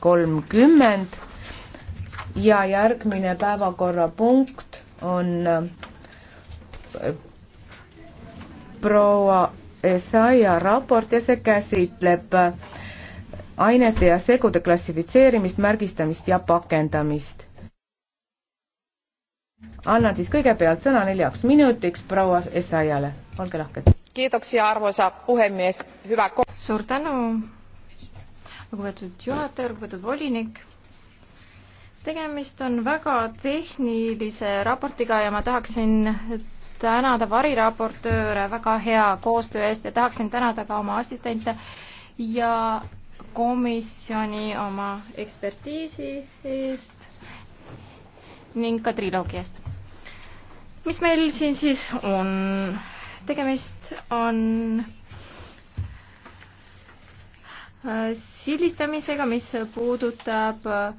kolmkümmend ja järgmine päevakorrapunkt on äh, proua Esaia raport ja see käsitleb äh, ainete ja segude klassifitseerimist, märgistamist ja pakendamist. annan siis kõigepealt sõna neljaks minutiks proua Esaiale, olge lahked. kiitoksia, arvoisa puhemees, hüva. suur tänu lugupeetud juhataja, lugupeetud volinik. tegemist on väga tehnilise raportiga ja ma tahaksin tänada variraportööre väga hea koostöö eest ja tahaksin tänada ka oma assistente ja komisjoni oma ekspertiisi eest ning ka triloogi eest. mis meil siin siis on? tegemist on sildistamisega, mis puudutab äh,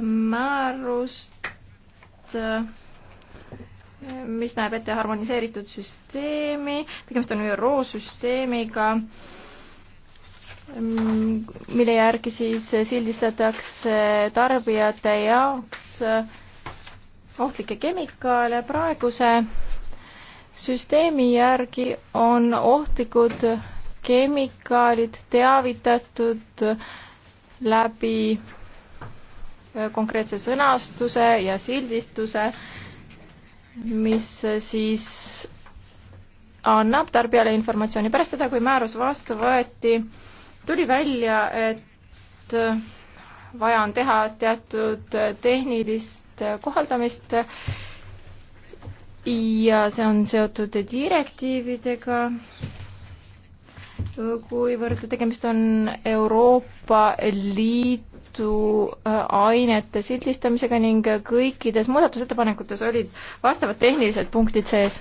määrust, äh, mis näeb ette harmoniseeritud süsteemi, tegemist on ÜRO süsteemiga, mm, mille järgi siis sildistatakse tarbijate jaoks äh, ohtlikke kemikaale praeguse süsteemi järgi on ohtlikud kemikaalid teavitatud läbi äh, konkreetse sõnastuse ja sildistuse, mis siis annab tarbijale informatsiooni. pärast seda, kui määrus vastu võeti, tuli välja, et vaja on teha teatud tehnilist kohaldamist ja see on seotud direktiividega kuivõrd tegemist on Euroopa Liidu äh, ainete sildistamisega ning kõikides muudatusettepanekutes olid vastavad tehnilised punktid sees.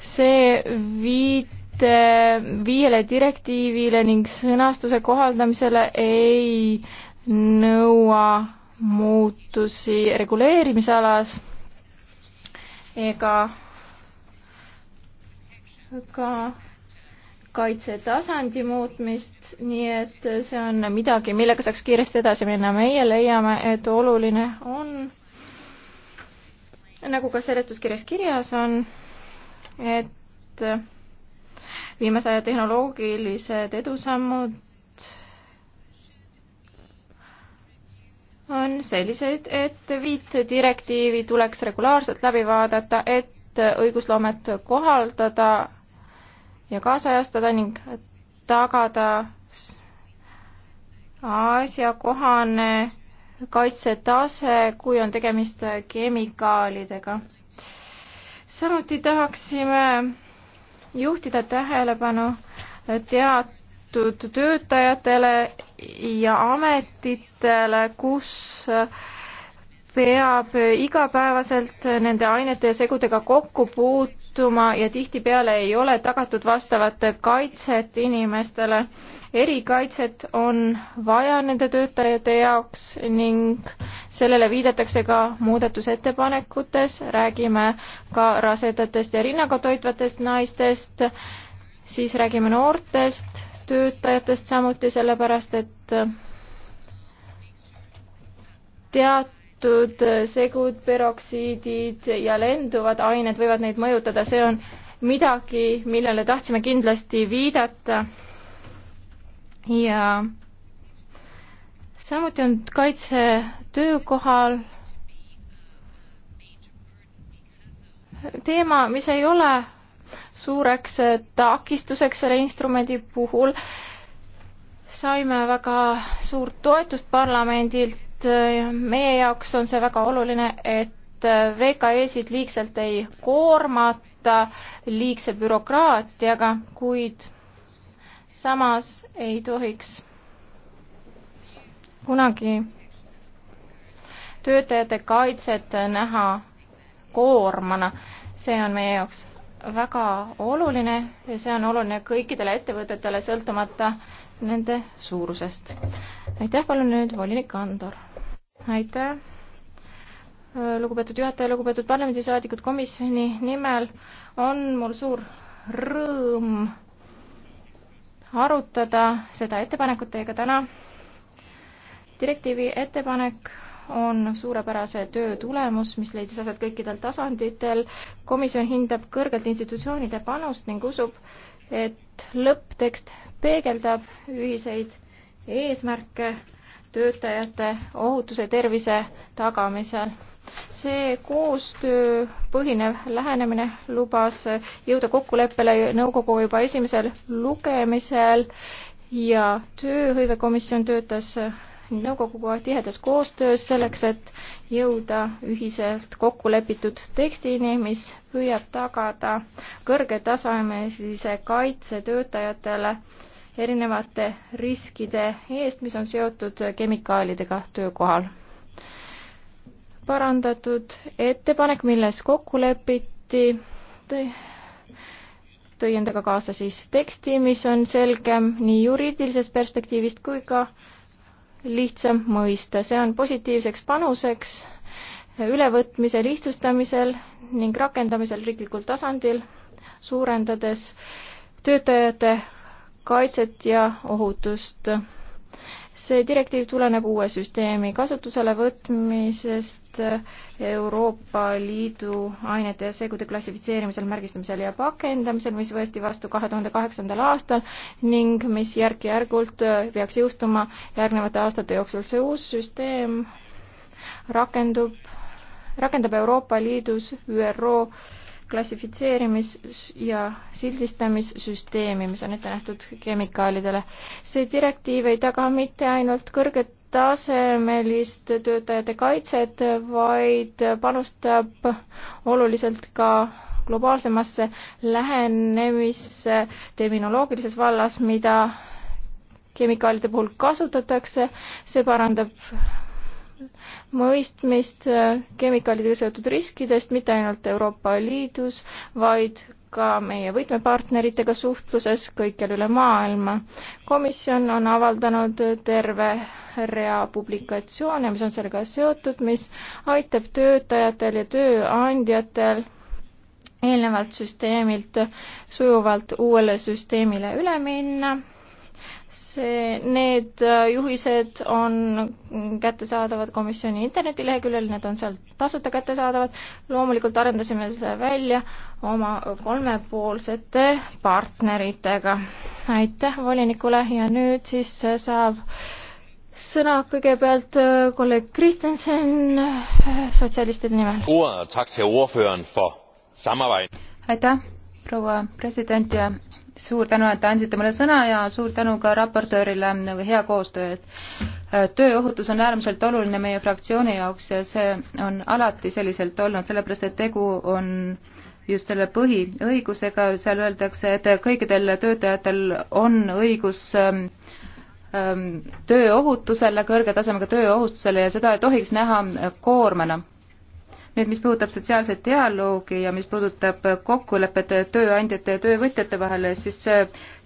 see viite viiele direktiivile ning sõnastuse kohaldamisele ei nõua muutusi reguleerimisalas ega ka kaitsetasandi muutmist, nii et see on midagi, millega saaks kiiresti edasi minna. meie leiame, et oluline on, nagu ka seletuskirjas kirjas on, et viimase aja tehnoloogilised edusammud on sellised, et viit direktiivi tuleks regulaarselt läbi vaadata, et õigusloomet kohaldada ja kaasajastada ning tagada asjakohane kaitsetase, kui on tegemist kemikaalidega. samuti tahaksime juhtida tähelepanu teatud töötajatele ja ametitele, kus peab igapäevaselt nende ainete ja segudega kokku puutuma juhtuma ja tihtipeale ei ole tagatud vastavat kaitset inimestele. erikaitset on vaja nende töötajate jaoks ning sellele viidatakse ka muudatusettepanekutes, räägime ka rasedatest ja rinnaga toitvatest naistest, siis räägime noortest töötajatest samuti, sellepärast et teat-, teatud äh, segud, peroksiidid ja lenduvad ained võivad neid mõjutada, see on midagi, millele tahtsime kindlasti viidata. ja samuti on kaitse töökohal teema, mis ei ole suureks äh, takistuseks selle instrumendi puhul, saime väga suurt toetust parlamendilt et eh, meie jaoks on see väga oluline, et eh, VKE-sid liigselt ei koormata liigse bürokraatiaga, kuid samas ei tohiks kunagi töötajate kaitset näha koormana. see on meie jaoks väga oluline ja see on oluline kõikidele ettevõtetele, sõltumata nende suurusest. aitäh, palun nüüd volinik Andor aitäh, lugupeetud juhataja, lugupeetud parlamendisaadikud, komisjoni nimel on mul suur rõõm arutada seda ettepanekut teiega täna. direktiivi ettepanek on suurepärase töö tulemus, mis leidis aset kõikidel tasanditel. komisjon hindab kõrgelt institutsioonide panust ning usub, et lõpptekst peegeldab ühiseid eesmärke töötajate ohutuse tervise tagamisel. see koostöö põhinev lähenemine lubas jõuda kokkuleppele nõukogu juba esimesel lugemisel ja tööhõivekomisjon töötas nõukoguga tihedas koostöös selleks, et jõuda ühiselt kokku lepitud tekstini, mis püüab tagada kõrgetasemelise kaitse töötajatele äh, erinevate riskide eest, mis on seotud kemikaalidega töökohal. parandatud ettepanek, milles kokku lepiti, tõi, tõi endaga kaasa siis teksti, mis on selgem nii juriidilisest perspektiivist kui ka lihtsam mõista, see on positiivseks panuseks ülevõtmise lihtsustamisel ning rakendamisel riiklikul tasandil, suurendades töötajate kaitset ja ohutust. see direktiiv tuleneb uue süsteemi kasutusele võtmisest Euroopa Liidu ainete ja segude klassifitseerimisel, märgistamisel ja pakendamisel, mis võeti vastu kahe tuhande kaheksandal aastal ning mis järk-järgult peaks jõustuma järgnevate aastate jooksul. see uus süsteem rakendub, rakendab Euroopa Liidus ÜRO klassifitseerimis- ja sildistamissüsteemi, mis on ette nähtud kemikaalidele. see direktiiv ei taga mitte ainult kõrget tasemelist töötajate kaitset, vaid panustab oluliselt ka globaalsemasse lähenemisse terminoloogilises vallas, mida kemikaalide puhul kasutatakse, see parandab mõistmist äh, kemikaalidega seotud riskidest mitte ainult Euroopa Liidus, vaid ka meie võtmepartneritega suhtluses kõikjal üle maailma. komisjon on avaldanud terve rea publikatsioone, mis on sellega seotud, mis aitab töötajatel ja tööandjatel eelnevalt süsteemilt sujuvalt uuele süsteemile üle minna see, need äh, juhised on kättesaadavad komisjoni internetileheküljel, need on seal tasuta kättesaadavad. loomulikult arendasime selle välja oma kolmepoolsete partneritega. aitäh volinikule ja nüüd siis saab sõna kõigepealt äh, kolleeg Kristensen äh, sotsialistide nimel. aitäh, proua president ja suur tänu, et andsite mulle sõna ja suur tänu ka raportöörile nagu hea koostöö eest. tööohutus on äärmiselt oluline meie fraktsiooni jaoks ja see on alati selliselt olnud, sellepärast et tegu on just selle põhiõigusega, seal öeldakse, et kõikidel töötajatel on õigus ähm, ähm, tööohutusele, kõrge tasemega tööohutusele ja seda ei tohiks näha koormana nüüd, mis puudutab sotsiaalset dialoogi ja mis puudutab kokkulepet tööandjate ja töövõtjate vahel, siis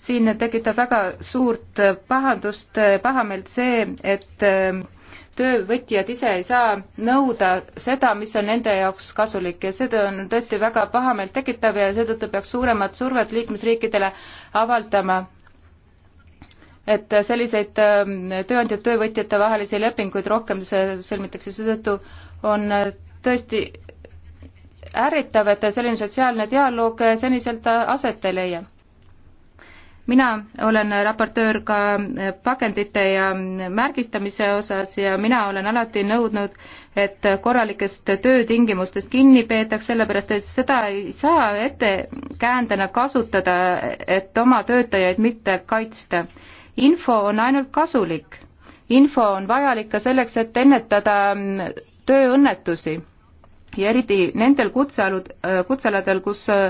siin tekitab väga suurt pahandust, pahameelt see, et äh, töövõtjad ise ei saa nõuda seda, mis on nende jaoks kasulik ja see on tõesti väga pahameelt tekitav ja seetõttu peaks suuremat survet liikmesriikidele avaldama et selliseid äh, tööandjate, töövõtjate vahelisi lepinguid rohkem sõlmitakse, seetõttu on äh, tõesti ärritav, et selline sotsiaalne dialoog seniselt aset ei leia. mina olen raportöör ka pakendite ja märgistamise osas ja mina olen alati nõudnud, et korralikest töötingimustest kinni peetaks, sellepärast et seda ei saa ettekäändena kasutada, et oma töötajaid mitte kaitsta. info on ainult kasulik. info on vajalik ka selleks, et ennetada tööõnnetusi ja eriti nendel kutsealud, äh, kutsealadel, kus äh,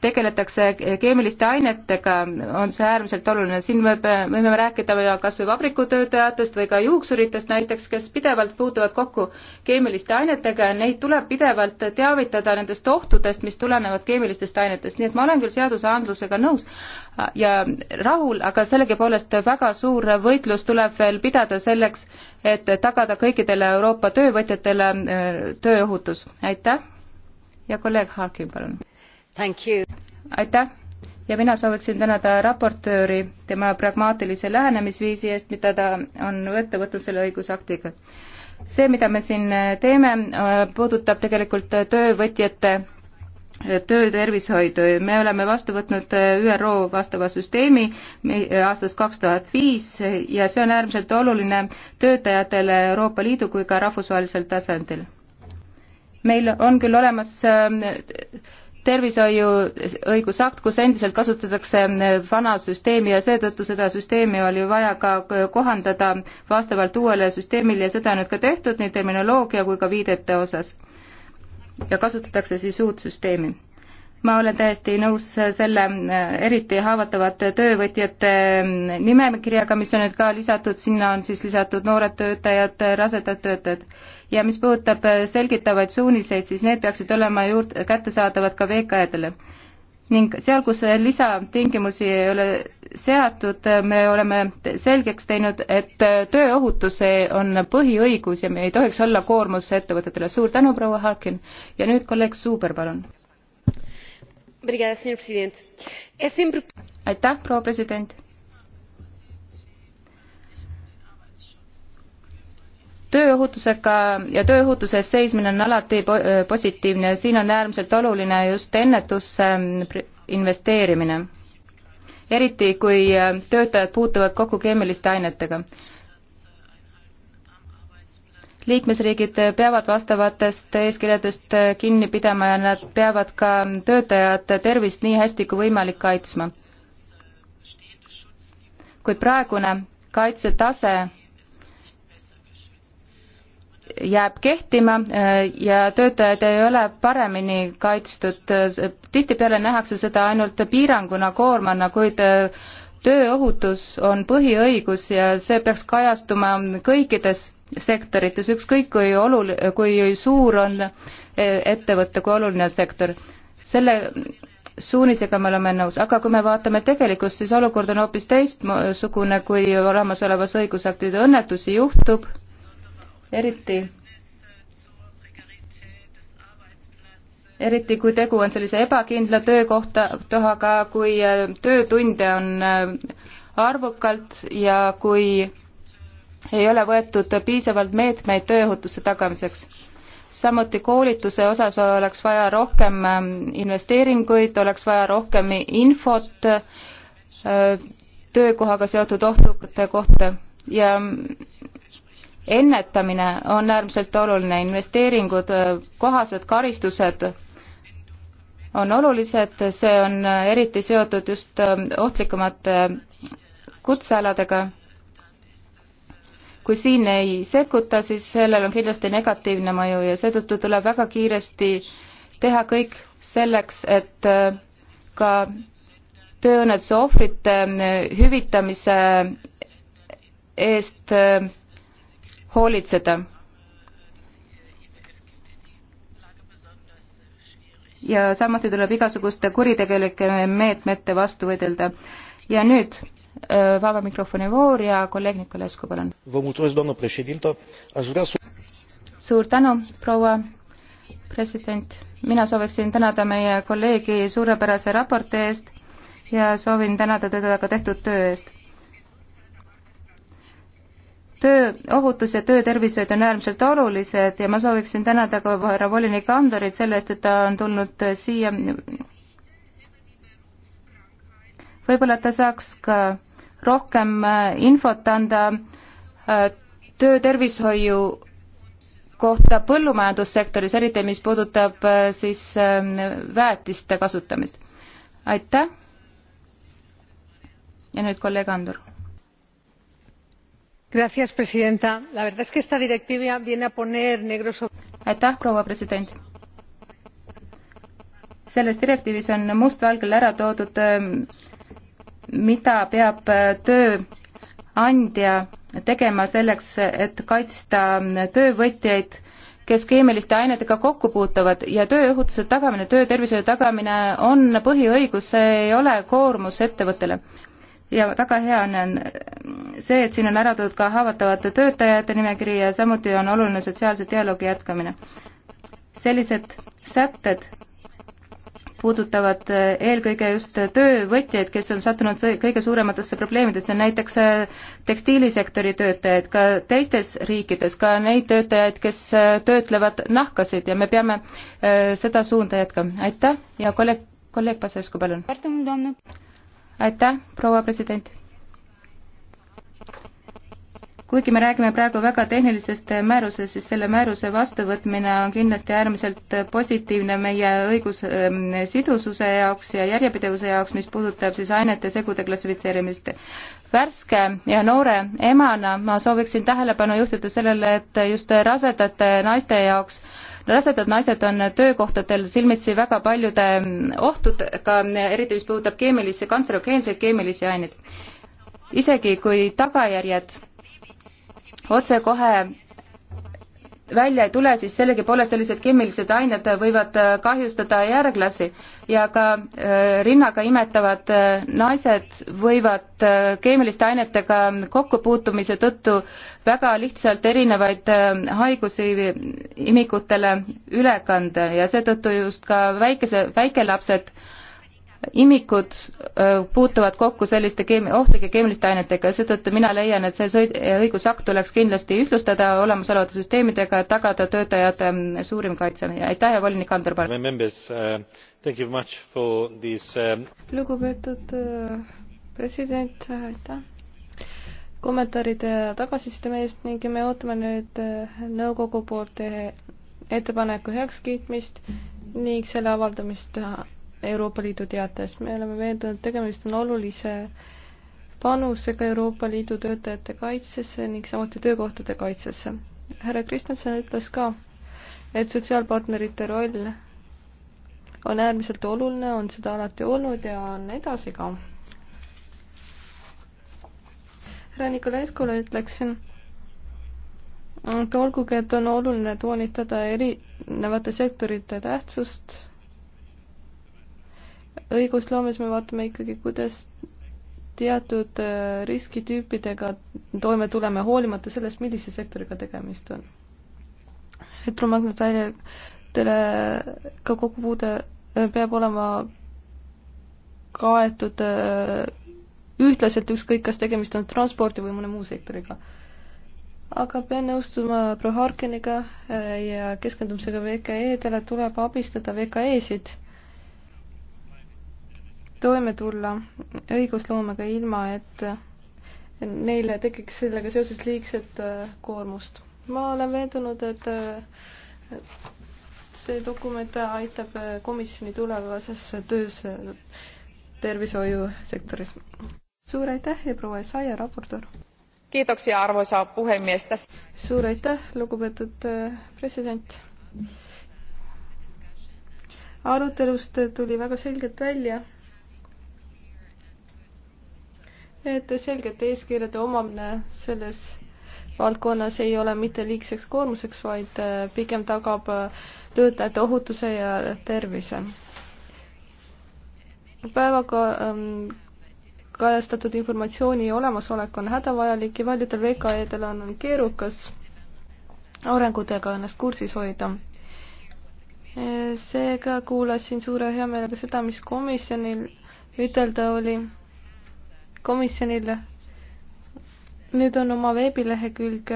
tegeletakse keemiliste ainetega, on see äärmiselt oluline, siin võib, võime rääkida kas või vabrikutöötajatest või ka juuksuritest näiteks, kes pidevalt puutuvad kokku keemiliste ainetega ja neid tuleb pidevalt teavitada nendest ohtudest, mis tulenevad keemilistest ainetest, nii et ma olen küll seadusandlusega nõus ja rahul, aga sellegipoolest väga suur võitlus tuleb veel pidada selleks, et tagada kõikidele Euroopa töövõtjatele äh, tööohutus, aitäh ja kolleeg Harkin, palun aitäh ja mina sooviksin tänada raportööri tema pragmaatilise lähenemisviisi eest, mida ta on ette võtnud selle õigusaktiga. see, mida me siin teeme, puudutab tegelikult töövõtjate töötervishoidu, me oleme vastu võtnud ÜRO vastava süsteemi aastast kaks tuhat viis ja see on äärmiselt oluline töötajatele Euroopa Liidu kui ka rahvusvahelisel tasandil. meil on küll olemas äh, tervishoiu õigusakt, kus endiselt kasutatakse vana süsteemi ja seetõttu seda süsteemi oli vaja ka kohandada vastavalt uuele süsteemile ja seda on nüüd ka tehtud nii terminoloogia kui ka viidete osas. ja kasutatakse siis uut süsteemi ma olen täiesti nõus selle äh, eriti haavatavate töövõtjate ähm, nimekirjaga, mis on nüüd ka lisatud, sinna on siis lisatud noored töötajad, äh, rasedad töötajad. ja mis puudutab äh, selgitavaid suuniseid, siis need peaksid olema juurde, kättesaadavad ka VKE-dele. ning seal, kus lisatingimusi ei ole seatud, me oleme selgeks teinud, et tööohutus on põhiõigus ja me ei tohiks olla koormus ettevõtetele. suur tänu, proua Harkin! ja nüüd kolleeg Suuber, palun! aitäh, proua president. tööohutusega ja tööohutuse eest seismine on alati positiivne ja siin on äärmiselt oluline just ennetusse investeerimine. eriti, kui äh, töötajad puutuvad kokku keemiliste ainetega liikmesriigid peavad vastavatest eeskirjadest kinni pidama ja nad peavad ka töötajate tervist nii hästi kui võimalik kaitsma. kuid praegune kaitsetase jääb kehtima äh, ja töötajad ei ole paremini kaitstud. tihtipeale nähakse seda ainult piiranguna, koormana, kuid äh, tööohutus on põhiõigus ja see peaks kajastuma kõikides sektorites, ükskõik kui olul-, kui suur on e, ettevõte, kui oluline sektor. selle suunisega me oleme nõus, aga kui me vaatame tegelikkust, siis olukord on hoopis teistsugune, kui olemasolevas õigusaktis õnnetusi juhtub, eriti eriti kui tegu on sellise ebakindla töökohta, kohaga, kui äh, töötunde on äh, arvukalt ja kui ei ole võetud piisavalt meetmeid tööohutuse tagamiseks. samuti koolituse osas oleks vaja rohkem äh, investeeringuid, oleks vaja rohkem infot töökohaga seotud ohtude kohta ja ennetamine on äärmiselt oluline, investeeringud, kohased karistused on olulised, see on eriti seotud just ähm, ohtlikumate kutsealadega. kui siin ei sekkuta, siis sellel on kindlasti negatiivne mõju ja seetõttu tuleb väga kiiresti teha kõik selleks, et äh, ka tööõnnetuse ohvrite äh, hüvitamise eest äh, hoolitseda ja samuti tuleb igasuguste kuritegelike meetmete vastu võidelda. ja nüüd äh, vaba mikrofoni voor ja kolleeg Nikolescu, palun. suur tänu, proua president. mina sooviksin tänada meie kolleegi suurepärase raporti eest ja soovin tänada teda ka tehtud töö eest tööohutus ja töötervishoid on äärmiselt olulised ja ma sooviksin tänada ka härra volinik Andorit selle eest, et ta on tulnud siia. võib-olla ta saaks ka rohkem äh, infot anda äh, töötervishoiu kohta põllumajandussektoris, eriti mis puudutab äh, siis väetiste kasutamist. aitäh. ja nüüd kolleeg Andur señora presidenta la verdad es que esta directiva viene a poner negro sobre. aitäh proua president! selles direktiivis on mustvalgel ära toodud ähm, mida peab äh, tööandja tegema selleks, et kaitsta ähm, töövõtjaid, kes keemiliste ainetega kokku puutuvad ja tööohutuse tagamine, töötervishoiu tagamine on põhiõigus, see ei ole koormus ettevõttele ja väga hea on see, et siin on ära toodud ka haavatavate töötajate nimekiri ja samuti on oluline sotsiaalse dialoogi jätkamine. sellised sätted puudutavad eelkõige just töövõtjaid, kes on sattunud kõige suurematesse probleemidesse, näiteks äh, tekstiilisektori töötajaid, ka teistes riikides, ka neid töötajaid, kes äh, töötlevad nahkasid ja me peame äh, seda suunda jätkama. aitäh ja kolleeg, kolleeg Pasescu, palun aitäh, proua president! kuigi me räägime praegu väga tehnilisest määrusest, siis selle määruse vastuvõtmine on kindlasti äärmiselt positiivne meie õigussidususe ähm, jaoks ja järjepidevuse jaoks, mis puudutab siis ainete segude klassifitseerimist. värske ja noore emana ma sooviksin tähelepanu juhtida sellele, et just rasedate naiste jaoks rasedad naised on töökohtadel silmitsi väga paljude ohtudega, eriti mis puudutab keemilisi, kantserogeenseid keemilisi aineid. isegi kui tagajärjed otsekohe välja ei tule, siis sellegipoolest sellised keemilised ained võivad äh, kahjustada järglasi ja ka äh, rinnaga imetavad äh, naised võivad keemiliste ainetega kokkupuutumise tõttu väga lihtsalt erinevaid haigusi imikutele üle kanda ja seetõttu just ka väikese, väikelapsed imikud puutuvad kokku selliste keemi-, ohtlike keemiliste ainetega, seetõttu mina leian, et see sõid-, õigusakt tuleks kindlasti ühtlustada olemasolevate süsteemidega, et tagada töötajate suurim kaitse. aitäh ja volinik Andor Parv. Äh, äh, lugupeetud äh, president, aitäh kommentaaride ja tagasiside eest ning me ootame nüüd nõukogu poolt ettepaneku heakskiitmist ning selle avaldamist Euroopa Liidu teates. me oleme veendunud, et tegemist on olulise panusega Euroopa Liidu töötajate kaitsesse ning samuti töökohtade kaitsesse. härra Kristjanson ütles ka, et sotsiaalpartnerite roll on äärmiselt oluline, on seda alati olnud ja on edasi ka. härra Nikolaiskule ütleksin, et olgugi, et on oluline toonitada erinevate sektorite tähtsust õigusloomes me vaatame ikkagi, kuidas teatud äh, riskitüüpidega toime tuleme, hoolimata sellest, millise sektoriga tegemist on. elektromagnetväljadele ka kogu puude äh, peab olema kaetud äh, ühtlaselt, ükskõik kas tegemist on transpordi või mõne muu sektoriga. aga pean nõustuma proua Harkiniga ja keskendumisega VKE-dele tuleb abistada VKE-sid toime tulla õigusloomega ilma, et neile tekiks sellega seoses liigset äh, koormust. ma olen veendunud, et äh, see dokument aitab äh, komisjoni tulevases töös tervishoiusektoris. suur aitäh ja proua Esaia, raportöör! kiitoksia, arvoisa puhemies! suur aitäh, lugupeetud president! arutelust tuli väga selgelt välja et selgete eeskirjade omamine selles valdkonnas ei ole mitte liigseks koormuseks, vaid äh, pigem tagab äh, töötajate ohutuse ja tervise. päevaga ähm, kajastatud informatsiooni olemasolek on hädavajalik ja paljudel VKE-del on keerukas arengutega ennast kursis hoida. Äh, seega kuulasin suure heameelega seda, mis komisjonil ütelda oli komisjonile. nüüd on oma veebilehekülg,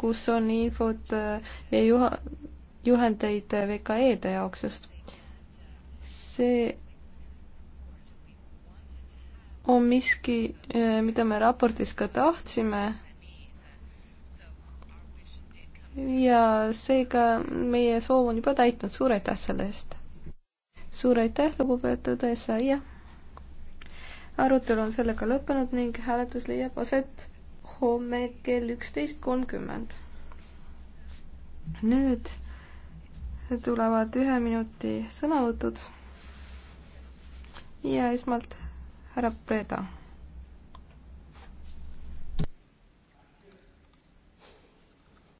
kus on infot ja juha-, juhendeid VKE-de jaoks just. see on miski, mida me raportis ka tahtsime. ja seega meie soov on juba täitnud, suur aitäh selle eest! suur aitäh, lugupeetud Esa, jah! arutelu on sellega lõppenud ning hääletus leiab aset homme kell üksteist kolmkümmend. nüüd tulevad ühe minuti sõnavõtud ja esmalt härra Preda